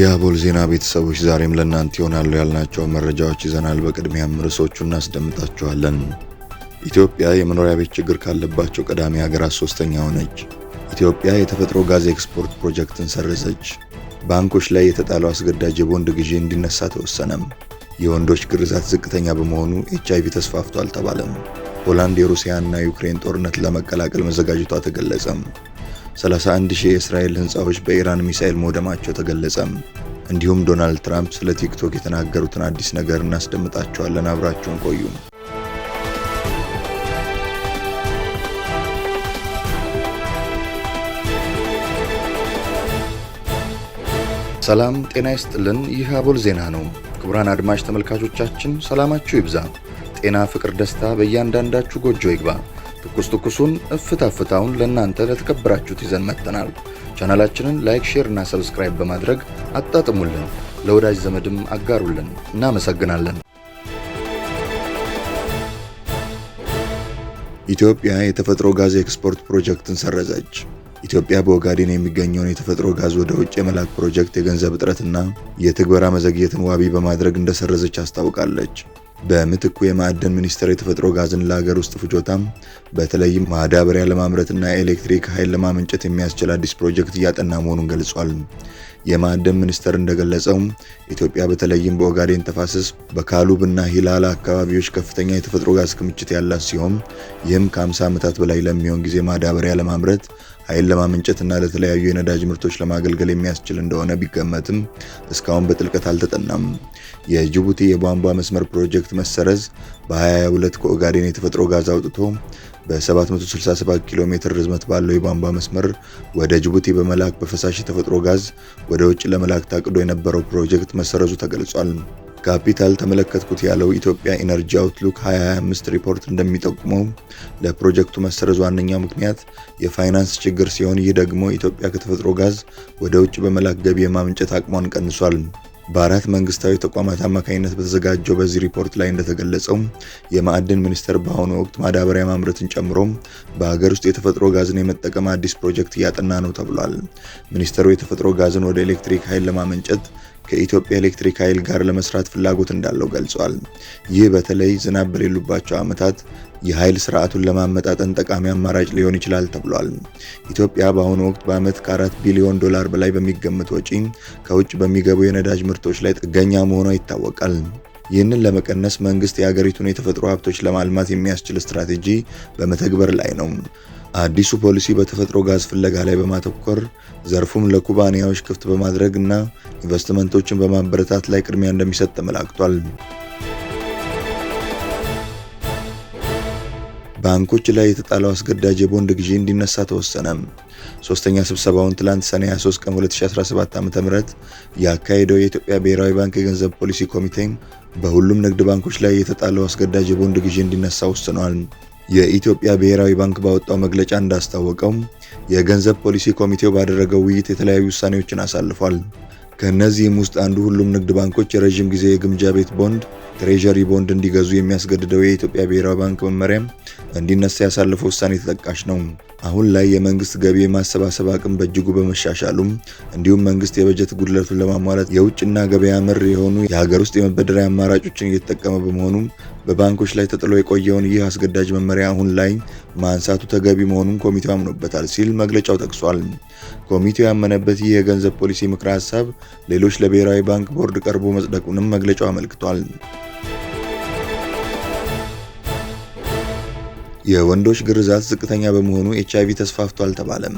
የአቦል ዜና ቤተሰቦች ዛሬም ለእናንተ ይሆናሉ ያልናቸው መረጃዎች ይዘናል። በቅድሚያም ርዕሶቹ እናስደምጣችኋለን። ኢትዮጵያ የመኖሪያ ቤት ችግር ካለባቸው ቀዳሚ ሀገራት ሶስተኛ ሆነች። ኢትዮጵያ የተፈጥሮ ጋዝ ኤክስፖርት ፕሮጀክትን ሰረዘች። ባንኮች ላይ የተጣለው አስገዳጅ የቦንድ ግዢ እንዲነሳ ተወሰነም። የወንዶች ግርዛት ዝቅተኛ በመሆኑ ኤች አይቪ ተስፋፍቶ አልተባለም። ሆላንድ የሩሲያና ዩክሬን ጦርነት ለመቀላቀል መዘጋጀቷ ተገለጸም። 31 ሺህ የእስራኤል ህንፃዎች በኢራን ሚሳኤል መውደማቸው ተገለጸ። እንዲሁም ዶናልድ ትራምፕ ስለ ቲክቶክ የተናገሩትን አዲስ ነገር እናስደምጣቸዋለን። አብራችሁን ቆዩ። ሰላም ጤና ይስጥልን። ይህ አቦል ዜና ነው። ክቡራን አድማጭ ተመልካቾቻችን ሰላማችሁ ይብዛ፣ ጤና፣ ፍቅር፣ ደስታ በእያንዳንዳችሁ ጎጆ ይግባ። ትኩስ ትኩሱን እፍታ ፍታውን ለእናንተ ለተከበራችሁት ይዘን መጥተናል። ቻናላችንን ላይክ፣ ሼር እና ሰብስክራይብ በማድረግ አጣጥሙልን፣ ለወዳጅ ዘመድም አጋሩልን። እናመሰግናለን። ኢትዮጵያ የተፈጥሮ ጋዝ ኤክስፖርት ፕሮጀክትን ሰረዘች። ኢትዮጵያ በኦጋዴን የሚገኘውን የተፈጥሮ ጋዝ ወደ ውጭ የመላክ ፕሮጀክት የገንዘብ እጥረትና የትግበራ መዘግየትን ዋቢ በማድረግ እንደሰረዘች አስታውቃለች። በምትኩ የማዕድን ሚኒስቴር የተፈጥሮ ጋዝን ለሀገር ውስጥ ፍጆታ በተለይም ማዳበሪያ ለማምረትና ኤሌክትሪክ ኃይል ለማመንጨት የሚያስችል አዲስ ፕሮጀክት እያጠና መሆኑን ገልጿል። የማዕድን ሚኒስቴር እንደገለጸው ኢትዮጵያ በተለይም በኦጋዴን ተፋሰስ በካሉብ እና ሂላላ አካባቢዎች ከፍተኛ የተፈጥሮ ጋዝ ክምችት ያላት ሲሆን ይህም ከ50 ዓመታት በላይ ለሚሆን ጊዜ ማዳበሪያ ለማምረት ኃይል ለማመንጨትና ለተለያዩ የነዳጅ ምርቶች ለማገልገል የሚያስችል እንደሆነ ቢገመትም እስካሁን በጥልቀት አልተጠናም። የጅቡቲ የቧንቧ መስመር ፕሮጀክት መሰረዝ በ 22 ከኦጋዴን የተፈጥሮ ጋዝ አውጥቶ በ767 ኪሎ ሜትር ርዝመት ባለው የቧንቧ መስመር ወደ ጅቡቲ በመላክ በፈሳሽ የተፈጥሮ ጋዝ ወደ ውጭ ለመላክ ታቅዶ የነበረው ፕሮጀክት መሰረዙ ተገልጿል። ካፒታል ተመለከትኩት ያለው ኢትዮጵያ ኢነርጂ አውትሉክ 2025 ሪፖርት እንደሚጠቁመው ለፕሮጀክቱ መሰረዝ ዋነኛው ምክንያት የፋይናንስ ችግር ሲሆን ይህ ደግሞ ኢትዮጵያ ከተፈጥሮ ጋዝ ወደ ውጭ በመላክ ገቢ የማመንጨት አቅሟን ቀንሷል። በአራት መንግስታዊ ተቋማት አማካኝነት በተዘጋጀው በዚህ ሪፖርት ላይ እንደተገለጸው የማዕድን ሚኒስቴር በአሁኑ ወቅት ማዳበሪያ ማምረትን ጨምሮ በሀገር ውስጥ የተፈጥሮ ጋዝን የመጠቀም አዲስ ፕሮጀክት እያጠና ነው ተብሏል። ሚኒስቴሩ የተፈጥሮ ጋዝን ወደ ኤሌክትሪክ ኃይል ለማመንጨት ከኢትዮጵያ ኤሌክትሪክ ኃይል ጋር ለመስራት ፍላጎት እንዳለው ገልጿል። ይህ በተለይ ዝናብ በሌሉባቸው ዓመታት የኃይል ስርዓቱን ለማመጣጠን ጠቃሚ አማራጭ ሊሆን ይችላል ተብሏል። ኢትዮጵያ በአሁኑ ወቅት በዓመት ከ4 ቢሊዮን ዶላር በላይ በሚገመት ወጪ ከውጭ በሚገቡ የነዳጅ ምርቶች ላይ ጥገኛ መሆኗ ይታወቃል። ይህንን ለመቀነስ መንግስት የሀገሪቱን የተፈጥሮ ሀብቶች ለማልማት የሚያስችል ስትራቴጂ በመተግበር ላይ ነው። አዲሱ ፖሊሲ በተፈጥሮ ጋዝ ፍለጋ ላይ በማተኮር ዘርፉን ለኩባንያዎች ክፍት በማድረግ እና ኢንቨስትመንቶችን በማበረታት ላይ ቅድሚያ እንደሚሰጥ ተመላክቷል። ባንኮች ላይ የተጣለው አስገዳጅ የቦንድ ግዢ እንዲነሳ ተወሰነ። ሶስተኛ ስብሰባውን ትላንት ሰኔ 23 ቀን 2017 ዓ.ም ያካሄደው የኢትዮጵያ ብሔራዊ ባንክ የገንዘብ ፖሊሲ ኮሚቴ በሁሉም ንግድ ባንኮች ላይ የተጣለው አስገዳጅ የቦንድ ግዢ እንዲነሳ ወስኗል። የኢትዮጵያ ብሔራዊ ባንክ ባወጣው መግለጫ እንዳስታወቀው የገንዘብ ፖሊሲ ኮሚቴው ባደረገው ውይይት የተለያዩ ውሳኔዎችን አሳልፏል። ከእነዚህም ውስጥ አንዱ ሁሉም ንግድ ባንኮች የረዥም ጊዜ የግምጃ ቤት ቦንድ ትሬዠሪ ቦንድ እንዲገዙ የሚያስገድደው የኢትዮጵያ ብሔራዊ ባንክ መመሪያ እንዲነሳ ያሳለፈው ውሳኔ ተጠቃሽ ነው። አሁን ላይ የመንግስት ገቢ የማሰባሰብ አቅም በእጅጉ በመሻሻሉም እንዲሁም መንግስት የበጀት ጉድለቱን ለማሟላት የውጭና ገበያ ምር የሆኑ የሀገር ውስጥ የመበደሪያ አማራጮችን እየተጠቀመ በመሆኑ በባንኮች ላይ ተጥሎ የቆየውን ይህ አስገዳጅ መመሪያ አሁን ላይ ማንሳቱ ተገቢ መሆኑን ኮሚቴው አምኖበታል ሲል መግለጫው ጠቅሷል። ኮሚቴው ያመነበት ይህ የገንዘብ ፖሊሲ ምክረ ሀሳብ ሌሎች ለብሔራዊ ባንክ ቦርድ ቀርቦ መጽደቁንም መግለጫው አመልክቷል። የወንዶች ግርዛት ዝቅተኛ በመሆኑ ኤች አይቪ ተስፋፍቶ አልተባለም።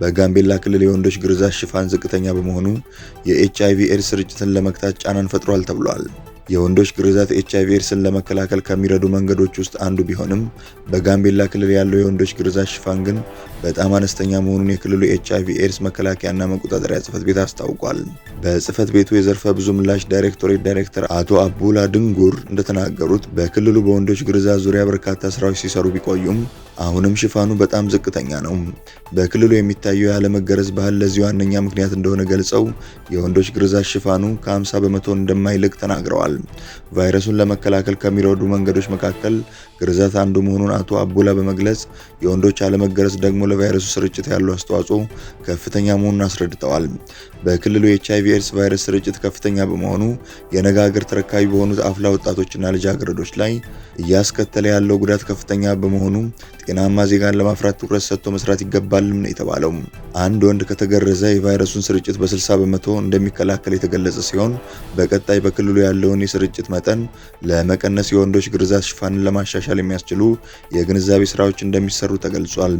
በጋምቤላ ክልል የወንዶች ግርዛት ሽፋን ዝቅተኛ በመሆኑ የኤች አይቪ ኤድስ ስርጭትን ለመግታት ጫናን ፈጥሯል ተብሏል። የወንዶች ግርዛት ኤችአይቪ ኤድስን ለመከላከል ከሚረዱ መንገዶች ውስጥ አንዱ ቢሆንም በጋምቤላ ክልል ያለው የወንዶች ግርዛት ሽፋን ግን በጣም አነስተኛ መሆኑን የክልሉ ኤችአይቪ ኤድስ መከላከያና መቆጣጠሪያ ጽህፈት ቤት አስታውቋል። በጽህፈት ቤቱ የዘርፈ ብዙ ምላሽ ዳይሬክቶሬት ዳይሬክተር አቶ አቡላ ድንጉር እንደተናገሩት በክልሉ በወንዶች ግርዛት ዙሪያ በርካታ ስራዎች ሲሰሩ ቢቆዩም አሁንም ሽፋኑ በጣም ዝቅተኛ ነው። በክልሉ የሚታየው ያለመገረዝ ባህል ለዚህ ዋነኛ ምክንያት እንደሆነ ገልጸው የወንዶች ግርዛት ሽፋኑ ከ50 በመቶ እንደማይልቅ ተናግረዋል። ቫይረሱን ለመከላከል ከሚረዱ መንገዶች መካከል ግርዛት አንዱ መሆኑን አቶ አቦላ በመግለጽ የወንዶች አለመገረዝ ደግሞ ለቫይረሱ ስርጭት ያለው አስተዋጽኦ ከፍተኛ መሆኑን አስረድተዋል። በክልሉ የኤች አይቪ ኤድስ ቫይረስ ስርጭት ከፍተኛ በመሆኑ የነገ ሀገር ተረካቢ በሆኑት አፍላ ወጣቶችና ልጃገረዶች ላይ እያስከተለ ያለው ጉዳት ከፍተኛ በመሆኑ ጤናማ ዜጋን ለማፍራት ትኩረት ሰጥቶ መስራት ይገባልም ነው የተባለው። አንድ ወንድ ከተገረዘ የቫይረሱን ስርጭት በ60 በመቶ እንደሚከላከል የተገለጸ ሲሆን በቀጣይ በክልሉ ያለውን የስርጭት መጠን ለመቀነስ የወንዶች ግርዛት ሽፋንን ለማሻሻል ለማሻሻል የሚያስችሉ የግንዛቤ ስራዎች እንደሚሰሩ ተገልጿል።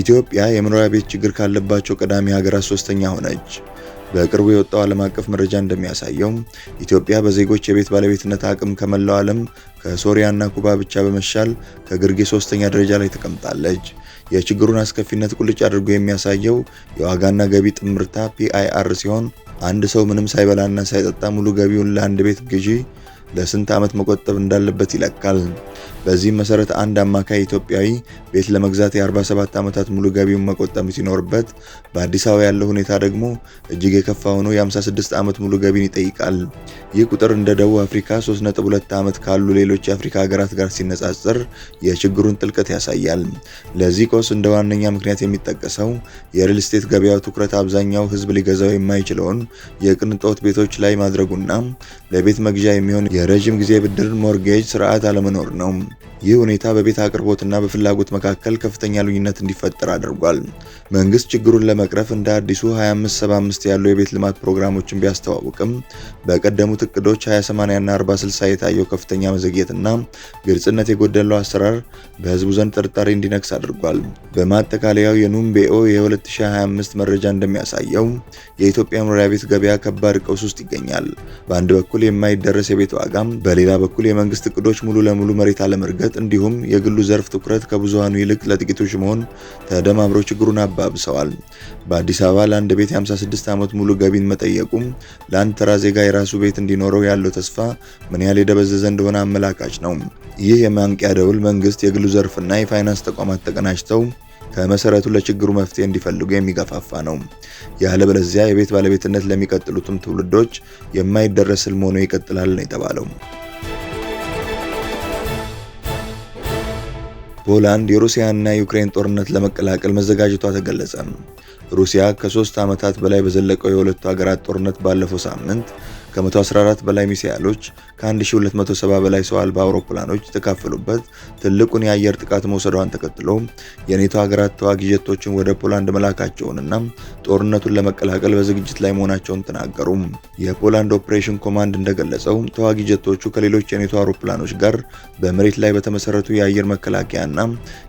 ኢትዮጵያ የመኖሪያ ቤት ችግር ካለባቸው ቀዳሚ ሀገራት ሶስተኛ ሆነች። በቅርቡ የወጣው ዓለም አቀፍ መረጃ እንደሚያሳየው ኢትዮጵያ በዜጎች የቤት ባለቤትነት አቅም ከመላው ዓለም ከሶሪያና ኩባ ብቻ በመሻል ከግርጌ ሶስተኛ ደረጃ ላይ ተቀምጣለች። የችግሩን አስከፊነት ቁልጭ አድርጎ የሚያሳየው የዋጋና ገቢ ጥምርታ ፒአይአር ሲሆን አንድ ሰው ምንም ሳይበላና ሳይጠጣ ሙሉ ገቢውን ለአንድ ቤት ግዢ ለስንት ዓመት መቆጠብ እንዳለበት ይለካል። በዚህም መሰረት አንድ አማካይ ኢትዮጵያዊ ቤት ለመግዛት የ47 ዓመታት ሙሉ ገቢውን መቆጠብ ሲኖርበት በአዲስ አበባ ያለው ሁኔታ ደግሞ እጅግ የከፋ ሆኖ የ56 ዓመት ሙሉ ገቢን ይጠይቃል። ይህ ቁጥር እንደ ደቡብ አፍሪካ 3.2 ዓመት ካሉ ሌሎች የአፍሪካ ሀገራት ጋር ሲነጻጸር የችግሩን ጥልቀት ያሳያል። ለዚህ ቀውስ እንደ ዋነኛ ምክንያት የሚጠቀሰው የሪል ስቴት ገበያው ትኩረት አብዛኛው ህዝብ ሊገዛው የማይችለውን የቅንጦት ቤቶች ላይ ማድረጉና ለቤት መግዣ የሚሆን የረዥም ጊዜ ብድር ሞርጌጅ ስርዓት አለመኖር ነው። ይህ ሁኔታ በቤት አቅርቦትና በፍላጎት መካከል ከፍተኛ ልዩነት እንዲፈጠር አድርጓል። መንግስት ችግሩን ለመቅረፍ እንደ አዲሱ 2575 ያሉ የቤት ልማት ፕሮግራሞችን ቢያስተዋውቅም በቀደሙት እቅዶች 2080ና 4060 የታየው ከፍተኛ መዘግየትና ግልጽነት የጎደለው አሰራር በህዝቡ ዘንድ ጥርጣሬ እንዲነግስ አድርጓል። በማጠቃለያው የኑምቤኦ የ2025 መረጃ እንደሚያሳየው የኢትዮጵያ መኖሪያ ቤት ገበያ ከባድ ቀውስ ውስጥ ይገኛል። በአንድ በኩል የማይደረስ የቤት ዋጋ፣ በሌላ በኩል የመንግስት እቅዶች ሙሉ ለሙሉ መሬት አለመርገጥ መጋለጥ እንዲሁም የግሉ ዘርፍ ትኩረት ከብዙሃኑ ይልቅ ለጥቂቶች መሆን ተደማምሮ ችግሩን አባብሰዋል። በአዲስ አበባ ለአንድ ቤት የ56 ዓመት ሙሉ ገቢን መጠየቁም ለአንድ ተራ ዜጋ የራሱ ቤት እንዲኖረው ያለው ተስፋ ምን ያህል የደበዘዘ እንደሆነ አመላካች ነው። ይህ የማንቂያ ደውል መንግስት፣ የግሉ ዘርፍና የፋይናንስ ተቋማት ተቀናጅተው ከመሰረቱ ለችግሩ መፍትሄ እንዲፈልጉ የሚገፋፋ ነው። ያለበለዚያ የቤት ባለቤትነት ለሚቀጥሉትም ትውልዶች የማይደረስ ህልም ሆኖ ይቀጥላል ነው የተባለው። ፖላንድ የሩሲያና የዩክሬን ጦርነት ለመቀላቀል መዘጋጀቷ ተገለጸ። ሩሲያ ከሶስት ዓመታት በላይ በዘለቀው የሁለቱ ሀገራት ጦርነት ባለፈው ሳምንት ከ114 በላይ ሚሳኤሎች ከ1270 በላይ ሰው አልባ አውሮፕላኖች የተካፈሉበት ትልቁን የአየር ጥቃት መውሰዷን ተከትሎ የኔቶ ሀገራት ተዋጊ ጀቶችን ወደ ፖላንድ መላካቸውንና ጦርነቱን ለመቀላቀል በዝግጅት ላይ መሆናቸውን ተናገሩ። የፖላንድ ኦፕሬሽን ኮማንድ እንደገለጸው ተዋጊ ጀቶቹ ከሌሎች የኔቶ አውሮፕላኖች ጋር በመሬት ላይ በተመሰረቱ የአየር መከላከያና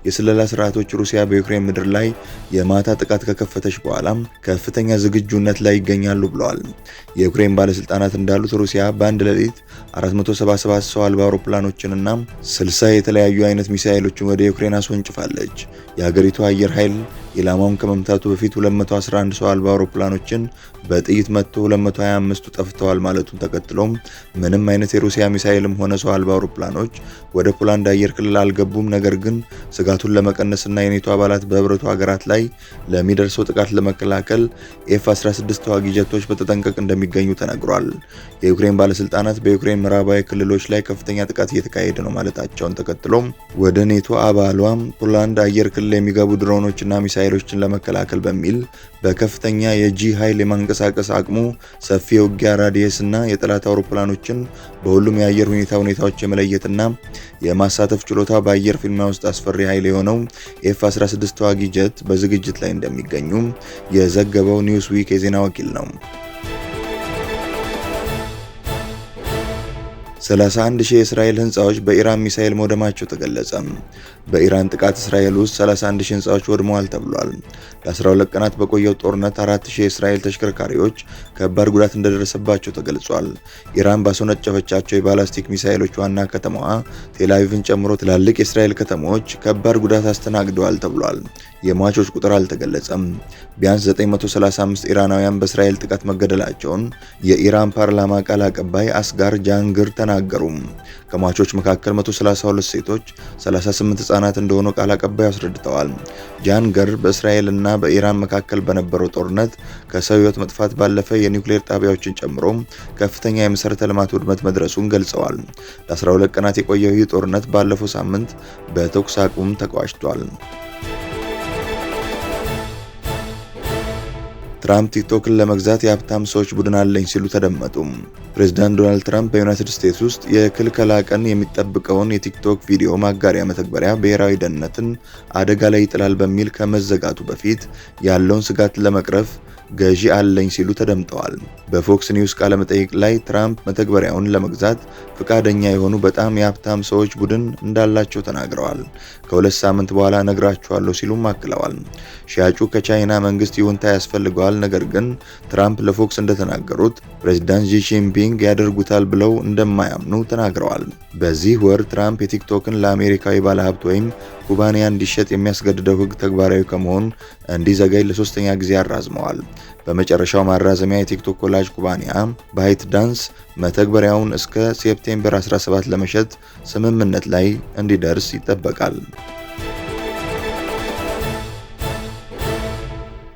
የስለላ ስርዓቶች ሩሲያ በዩክሬን ምድር ላይ የማታ ጥቃት ከከፈተች በኋላ ከፍተኛ ዝግጁነት ላይ ይገኛሉ ብለዋል። የዩክሬን ባለስልጣናት ሀገራት እንዳሉት ሩሲያ በአንድ ሌሊት 477 ሰው አልባ አውሮፕላኖችንና 60 የተለያዩ አይነት ሚሳኤሎችን ወደ ዩክሬን አስወንጭፋለች። የሀገሪቱ አየር ኃይል ኢላማውን ከመምታቱ በፊት 211 ሰው አልባ አውሮፕላኖችን በጥይት መጥቶ 225ቱ ጠፍተዋል ማለቱን ተከትሎም ምንም አይነት የሩሲያ ሚሳኤልም ሆነ ሰው አልባ አውሮፕላኖች ወደ ፖላንድ አየር ክልል አልገቡም። ነገር ግን ስጋቱን ለመቀነስና የኔቶ አባላት በህብረቱ ሀገራት ላይ ለሚደርሰው ጥቃት ለመከላከል ኤፍ 16 ተዋጊ ጀቶች በተጠንቀቅ እንደሚገኙ ተነግሯል። የዩክሬን ባለስልጣናት በዩክሬን ምዕራባዊ ክልሎች ላይ ከፍተኛ ጥቃት እየተካሄደ ነው ማለታቸውን ተከትሎም ወደ ኔቶ አባሏም ፖላንድ አየር ክልል የሚገቡ ድሮኖችና ሚሳኤል ኃይሎችን ለመከላከል በሚል በከፍተኛ የጂ ኃይል የማንቀሳቀስ አቅሙ ሰፊ የውጊያ ራዲየስ እና የጠላት አውሮፕላኖችን በሁሉም የአየር ሁኔታ ሁኔታዎች የመለየትና የማሳተፍ ችሎታ በአየር ፊልሚያ ውስጥ አስፈሪ ኃይል የሆነው ኤፍ 16 ተዋጊ ጀት በዝግጅት ላይ እንደሚገኙ የዘገበው ኒውስ ዊክ የዜና ወኪል ነው። 31 ሺህ የእስራኤል ህንፃዎች በኢራን ሚሳኤል መውደማቸው ተገለጸ። በኢራን ጥቃት እስራኤል ውስጥ 31 ሺህ ህንፃዎች ወድመዋል ተብሏል። ለ12 ቀናት በቆየው ጦርነት 4 ሺህ የእስራኤል ተሽከርካሪዎች ከባድ ጉዳት እንደደረሰባቸው ተገልጿል። ኢራን ባስወነጨፈቻቸው የባላስቲክ ሚሳኤሎች ዋና ከተማዋ ቴላቪቭን ጨምሮ ትላልቅ የእስራኤል ከተሞች ከባድ ጉዳት አስተናግደዋል ተብሏል። የሟቾች ቁጥር አልተገለጸም። ቢያንስ 935 ኢራናውያን በእስራኤል ጥቃት መገደላቸውን የኢራን ፓርላማ ቃል አቀባይ አስጋር ጃንግር ተናገሩ። ከሟቾች መካከል 132 ሴቶች፣ 38 ህጻናት እንደሆኑ ቃል አቀባይ አስረድተዋል። ጃንገር በእስራኤል እና በኢራን መካከል በነበረው ጦርነት ከሰው ህይወት መጥፋት ባለፈ የኒውክሌር ጣቢያዎችን ጨምሮ ከፍተኛ የመሠረተ ልማት ውድመት መድረሱን ገልጸዋል። ለ12 ቀናት የቆየው ይህ ጦርነት ባለፈው ሳምንት በተኩስ አቁም ተቋጭቷል። ትራምፕ ቲክቶክን ለመግዛት የሀብታም ሰዎች ቡድን አለኝ ሲሉ ተደመጡ። ፕሬዚዳንት ዶናልድ ትራምፕ በዩናይትድ ስቴትስ ውስጥ የክልከላ ቀን የሚጠብቀውን የቲክቶክ ቪዲዮ ማጋሪያ መተግበሪያ ብሔራዊ ደህንነትን አደጋ ላይ ይጥላል በሚል ከመዘጋቱ በፊት ያለውን ስጋት ለመቅረፍ ገዢ አለኝ ሲሉ ተደምጠዋል። በፎክስ ኒውስ ቃለመጠይቅ ላይ ትራምፕ መተግበሪያውን ለመግዛት ፈቃደኛ የሆኑ በጣም የሀብታም ሰዎች ቡድን እንዳላቸው ተናግረዋል። ከሁለት ሳምንት በኋላ ነግራችኋለሁ ሲሉም አክለዋል። ሻጩ ከቻይና መንግስት ይሁንታ ያስፈልገዋል። ነገር ግን ትራምፕ ለፎክስ እንደተናገሩት ፕሬዚዳንት ዢ ጂንፒንግ ያደርጉታል ብለው እንደማያምኑ ተናግረዋል። በዚህ ወር ትራምፕ የቲክቶክን ለአሜሪካዊ ባለሀብት ወይም ኩባንያ እንዲሸጥ የሚያስገድደው ህግ ተግባራዊ ከመሆኑ እንዲዘገይ ለሶስተኛ ጊዜ አራዝመዋል። በመጨረሻው ማራዘሚያ የቲክቶክ ኮላጅ ኩባንያ ባይት ዳንስ መተግበሪያውን እስከ ሴፕቴምበር 17 ለመሸጥ ስምምነት ላይ እንዲደርስ ይጠበቃል።